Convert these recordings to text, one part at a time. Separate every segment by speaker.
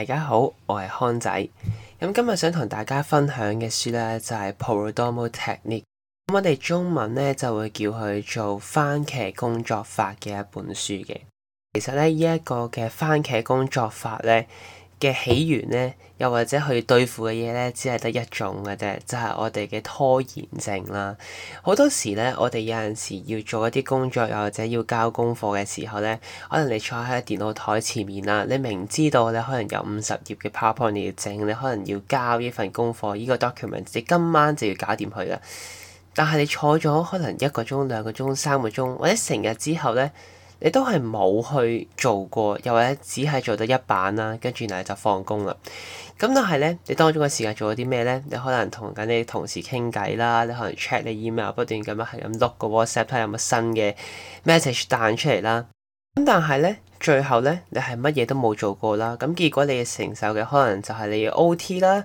Speaker 1: 大家好，我係康仔，咁、嗯、今日想同大家分享嘅書呢，就係、是、Pomodoro Technique，、嗯、我哋中文呢，就會叫佢做番茄工作法嘅一本書嘅。其實咧呢一、這個嘅番茄工作法呢，嘅起源咧，又或者去對付嘅嘢咧，只係得一種嘅啫，就係我哋嘅拖延症啦。好多時咧，我哋有陣時要做一啲工作，又或者要交功課嘅時候咧，可能你坐喺電腦枱前面啦，你明知道你可能有五十頁嘅 PowerPoint 你要整，你可能要交呢份功課，呢個 document，你今晚就要搞掂佢啦。但係你坐咗可能一個鐘、兩個鐘、三個鐘，或者成日之後咧。你都係冇去做過，又或者只係做得一版啦，跟住然後就放工啦。咁但係咧，你當中嘅時間做咗啲咩咧？你可能同緊你同事傾偈啦，你可能 check 你 email，不斷咁樣係咁 look 個 WhatsApp 睇有乜新嘅 message 彈出嚟啦。咁但係咧，最後咧，你係乜嘢都冇做過啦。咁結果你嘅承受嘅可能就係你嘅 OT 啦。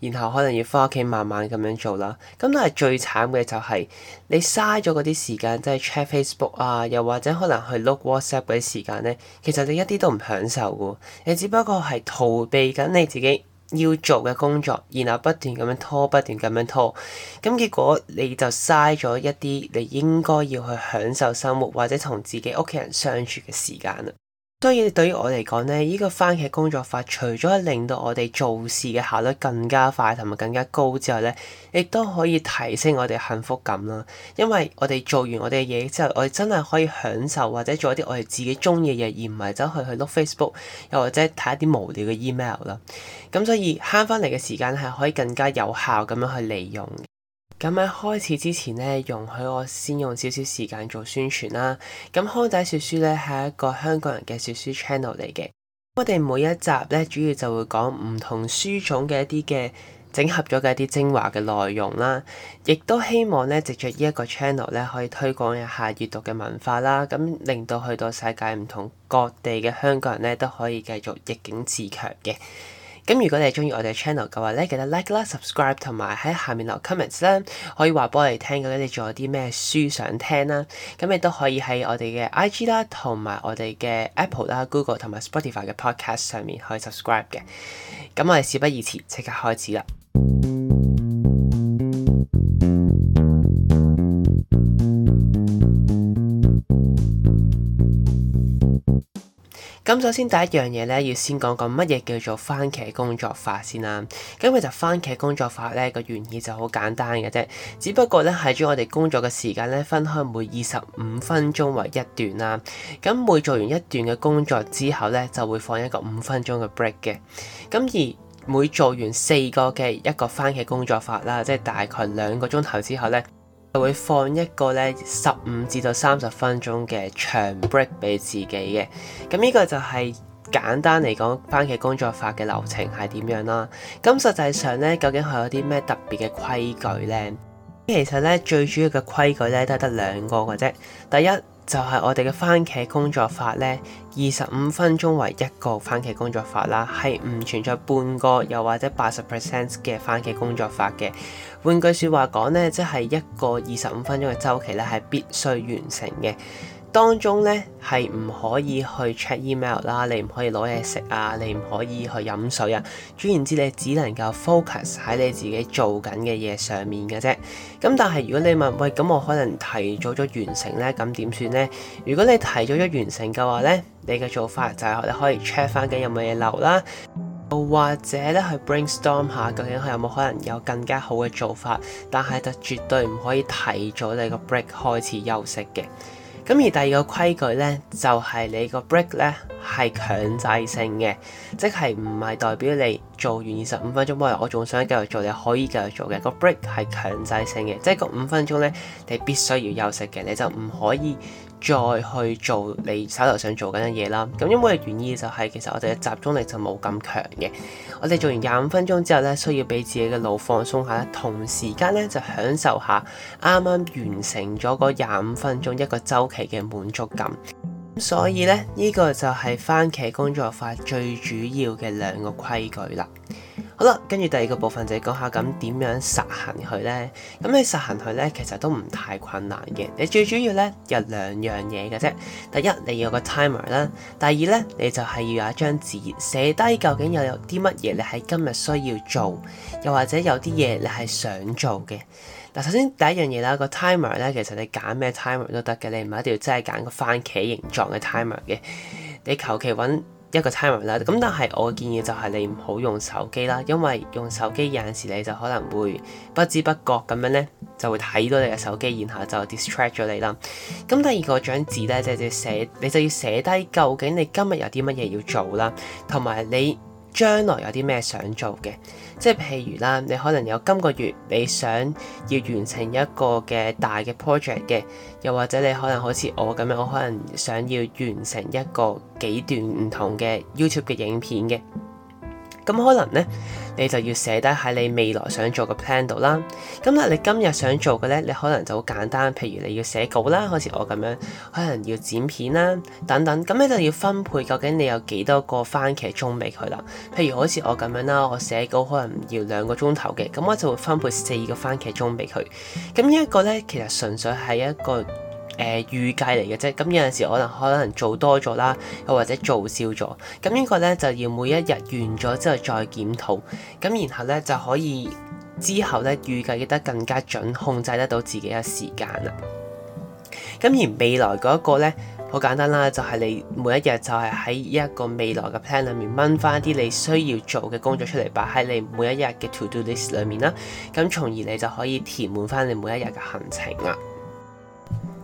Speaker 1: 然後可能要翻屋企慢慢咁樣做啦。咁但係最慘嘅就係你嘥咗嗰啲時間，即係 check Facebook 啊，又或者可能去 look WhatsApp 嗰啲時間咧，其實你一啲都唔享受喎。你只不過係逃避緊你自己要做嘅工作，然後不斷咁樣拖，不斷咁樣拖，咁結果你就嘥咗一啲你應該要去享受生活或者同自己屋企人相處嘅時間咯。當然對於我嚟講咧，呢個番茄工作法除咗令到我哋做事嘅效率更加快，同埋更加高之外咧，亦都可以提升我哋幸福感啦。因為我哋做完我哋嘅嘢之後，我哋真係可以享受或者做一啲我哋自己中意嘅嘢，而唔係走去去碌 Facebook，又或者睇一啲無聊嘅 email 啦。咁所以慳翻嚟嘅時間係可以更加有效咁樣去利用。咁喺開始之前咧，容許我先用少少時間做宣傳啦。咁康仔說書咧係一個香港人嘅說書 channel 嚟嘅。我哋每一集咧，主要就會講唔同書種嘅一啲嘅整合咗嘅一啲精華嘅內容啦，亦都希望咧藉着呢一個 channel 咧，可以推廣一下閲讀嘅文化啦。咁令到去到世界唔同各地嘅香港人咧，都可以繼續逆境自強嘅。咁如果你哋中意我哋嘅 channel 嘅話，咧記得 like 啦、subscribe 同埋喺下面留 comments 啦，可以話俾我哋聽，究竟你仲有啲咩書想聽啦？咁你都可以喺我哋嘅 IG 啦、同埋我哋嘅 Apple 啦、Google 同埋 Spotify 嘅 podcast 上面可以 subscribe 嘅。咁我哋事不宜遲，即刻開始啦！咁首先第一樣嘢咧，要先講講乜嘢叫做番茄工作法先啦。咁其實番茄工作法咧個原意就好簡單嘅啫，只不過咧係將我哋工作嘅時間咧分開每二十五分鐘為一段啦。咁每做完一段嘅工作之後咧，就會放一個五分鐘嘅 break 嘅。咁而每做完四個嘅一個番茄工作法啦，即係大概兩個鐘頭之後咧。就會放一個咧十五至到三十分鐘嘅長 break 俾自己嘅，咁呢個就係簡單嚟講番茄工作法嘅流程係點樣啦。咁實際上咧，究竟係有啲咩特別嘅規矩咧？其實咧，最主要嘅規矩咧都係得兩個嘅啫。第一。就係我哋嘅蕃茄工作法呢，二十五分鐘為一個蕃茄工作法啦，係唔存在半個又或者八十 percent 嘅蕃茄工作法嘅。換句説話講呢，即係一個二十五分鐘嘅週期呢，係必須完成嘅。當中咧係唔可以去 check email 啦，你唔可以攞嘢食啊，你唔可以去飲水啊。總言之，你只能夠 focus 喺你自己做緊嘅嘢上面嘅啫。咁但係如果你問喂，咁我可能提早咗完成咧，咁點算呢？如果你提早咗完成嘅話咧，你嘅做法就係你可以 check 翻緊有冇嘢漏啦，又或者咧去 brainstorm 下究竟佢有冇可能有更加好嘅做法。但係就絕對唔可以提早你個 break 開始休息嘅。咁而第二個規矩呢，就係你個 break 呢係強制性嘅，即係唔係代表你做完二十五分鐘冇嚟，我仲想繼續做，你可以繼續做嘅。個 break 係強制性嘅，即係嗰五分鐘呢，你必須要休息嘅，你就唔可以。再去做你手頭想做緊嘅嘢啦。咁因為原因就係，其實我哋嘅集中力就冇咁強嘅。我哋做完廿五分鐘之後咧，需要俾自己嘅腦放鬆下，同時間咧就享受下啱啱完成咗嗰廿五分鐘一個週期嘅滿足感。所以咧，呢個就係番茄工作法最主要嘅兩個規矩啦。好啦，跟住第二個部分就係講下咁點樣實行佢呢。咁你實行佢呢，其實都唔太困難嘅。你最主要呢，有兩樣嘢嘅啫。第一，你要個 timer 啦。第二呢，你就係要有一張紙寫低究竟又有啲乜嘢你喺今日需要做，又或者有啲嘢你係想做嘅。嗱，首先第一樣嘢啦，個 timer 呢，其實你揀咩 timer 都得嘅，你唔一定要真係揀個番茄形狀嘅 timer 嘅。你求其揾一個 timer 啦，咁但係我建議就係你唔好用手機啦，因為用手機有陣時你就可能會不知不覺咁樣呢，就會睇到你嘅手機，然後就 distract 咗你啦。咁第二個掌字呢，就係、是、寫，你就要寫低究竟你今日有啲乜嘢要做啦，同埋你。將來有啲咩想做嘅，即係譬如啦，你可能有今個月你想要完成一個嘅大嘅 project 嘅，又或者你可能好似我咁樣，我可能想要完成一個幾段唔同嘅 YouTube 嘅影片嘅。咁可能呢，你就要寫低喺你未來想做嘅 plan 度啦。咁啦，你今日想做嘅呢，你可能就好簡單，譬如你要寫稿啦，好似我咁樣，可能要剪片啦，等等。咁你就要分配究竟你有幾多個番茄鐘俾佢啦。譬如好似我咁樣啦，我寫稿可能要兩個鐘頭嘅，咁我就會分配四個番茄鐘俾佢。咁呢一個呢，其實純粹係一個。誒、呃、預計嚟嘅啫，咁有陣時可能可能做多咗啦，又或者做少咗，咁呢個呢，就要每一日完咗之後再檢討，咁然後呢，就可以之後呢預計得更加準，控制得到自己嘅時間啦。咁而未來嗰一個呢，好簡單啦，就係、是、你每一日就係喺一個未來嘅 plan 裡面掹翻啲你需要做嘅工作出嚟，擺喺你每一日嘅 to do list 裡面啦，咁從而你就可以填滿翻你每一日嘅行程啦。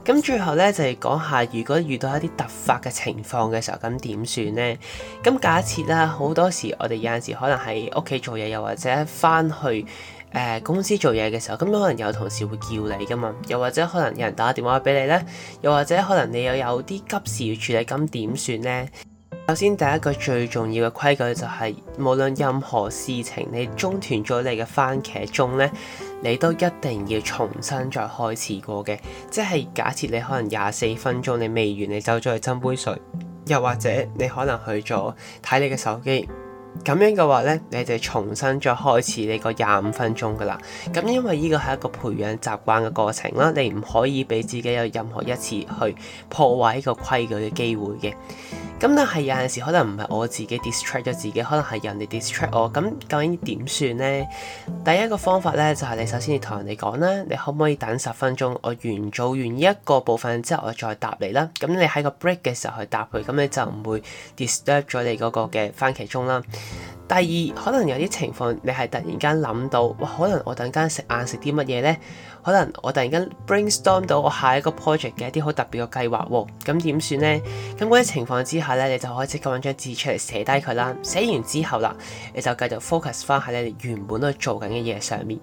Speaker 1: 咁最後咧就係講下，如果遇到一啲突發嘅情況嘅時候，咁點算呢？咁假設啦，好多時我哋有陣時可能喺屋企做嘢，又或者返去誒、呃、公司做嘢嘅時候，咁可能有同事會叫你㗎嘛，又或者可能有人打電話俾你呢，又或者可能你又有啲急事要處理，咁點算呢？首先，第一個最重要嘅規矩就係，無論任何事情，你中斷咗你嘅番茄鐘呢，你都一定要重新再開始過嘅。即係假設你可能廿四分鐘你未完，你走咗去斟杯水，又或者你可能去咗睇你嘅手機，咁樣嘅話呢，你就重新再開始你個廿五分鐘㗎喇。咁因為呢個係一個培養習慣嘅過程啦，你唔可以俾自己有任何一次去破壞呢個規矩嘅機會嘅。咁但係有陣時可能唔係我自己 distract 咗自己，可能係人哋 distract 我。咁究竟點算咧？第一個方法咧就係、是、你首先你同人哋講啦，你可唔可以等十分鐘我完做完呢一個部分之後我再答你啦。咁你喺個 break 嘅時候去答佢，咁你就唔會 disturb 咗你個嘅番茄鐘啦。第二可能有啲情況你係突然間諗到，哇！可能我突然間食晏食啲乜嘢咧？可能我突然間 brainstorm 到我下一個 project 嘅一啲好特別嘅計劃，喎。咁點算咧？咁啲情況之下。你就可以即刻搵張紙出嚟寫低佢啦。寫完之後啦，你就繼續 focus 翻喺你原本度喺做緊嘅嘢上面。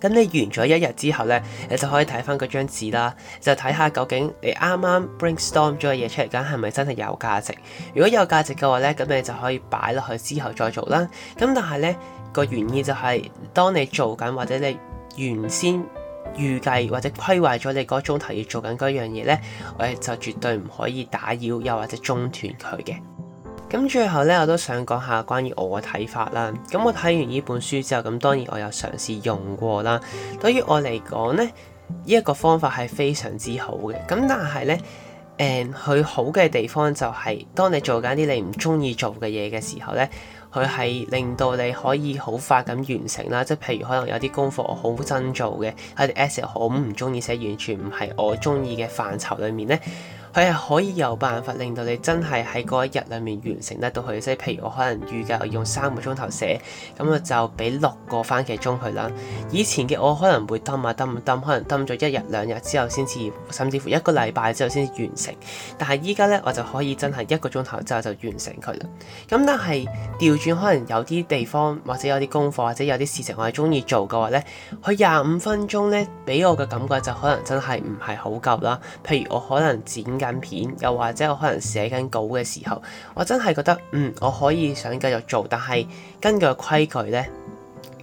Speaker 1: 咁你完咗一日之後呢，你就可以睇翻嗰張紙啦，就睇下究竟你啱啱 brainstorm 咗嘅嘢出嚟緊係咪真係有價值。如果有價值嘅話呢，咁你就可以擺落去之後再做啦。咁但係呢個原意就係當你做緊或者你原先。預計或者規劃咗你嗰鐘頭要做緊嗰樣嘢呢，我哋就絕對唔可以打擾又或者中斷佢嘅。咁最後呢，我都想講下關於我嘅睇法啦。咁我睇完呢本書之後，咁當然我有嘗試用過啦。對於我嚟講呢，呢、這、一個方法係非常之好嘅。咁但係呢，誒、嗯、佢好嘅地方就係、是，當你做緊啲你唔中意做嘅嘢嘅時候呢。佢係令到你可以好快咁完成啦，即係譬如可能有啲功課我好憎做嘅，或者 Essay 我好唔中意寫，完全唔係我中意嘅範疇裡面咧。佢係可以有辦法令到你真係喺嗰一日裏面完成得到佢，即係譬如我可能預計我用三個鐘頭寫，咁我就俾六個番茄鐘佢啦。以前嘅我可能會蹲啊蹲啊蹲，可能蹲咗一日兩日之後先至，甚至乎一個禮拜之後先至完成。但係依家呢，我就可以真係一個鐘頭之後就完成佢啦。咁但係調轉，可能有啲地方或者有啲功課或者有啲事情我係中意做嘅話呢，佢廿五分鐘呢俾我嘅感覺就可能真係唔係好夠啦。譬如我可能剪片又或者我可能寫緊稿嘅時候，我真係覺得嗯，我可以想繼續做，但係根據規矩呢，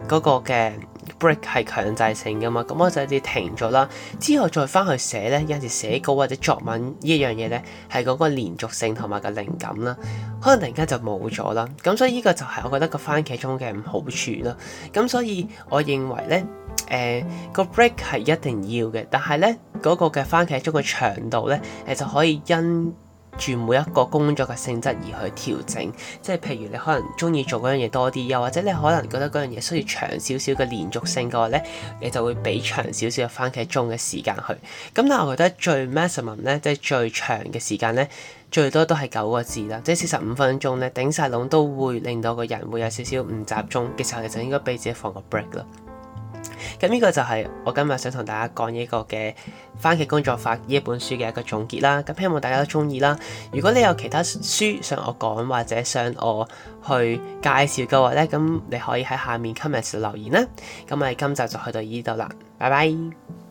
Speaker 1: 嗰、那個嘅 break 係強制性嘅嘛，咁我就要停咗啦。之後再翻去寫呢，有陣時寫稿或者作文呢一樣嘢呢，係嗰個連續性同埋個靈感啦，可能突然間就冇咗啦。咁所以呢個就係我覺得個番茄鐘嘅唔好處啦。咁所以我認為呢，誒、呃、個 break 係一定要嘅，但係呢，嗰個嘅蕃茄鐘嘅長度咧，誒就可以因住每一個工作嘅性質而去調整。即係譬如你可能中意做嗰樣嘢多啲，又或者你可能覺得嗰樣嘢需要長少少嘅連續性嘅話咧，你就會俾長少少嘅蕃茄鐘嘅時間去。咁但係我覺得最 maximum 咧，即係最長嘅時間咧，最多都係九個字啦，即係四十五分鐘咧，頂晒籠都會令到個人會有少少唔集中嘅時候，你就應該畀自己放個 break 啦。咁呢個就係我今日想同大家講呢個嘅《番茄工作法》呢一本書嘅一個總結啦。咁希望大家都中意啦。如果你有其他書想我講或者想我去介紹嘅話呢，咁你可以喺下面 comment 留言啦。咁我哋今集就去到呢度啦。拜拜。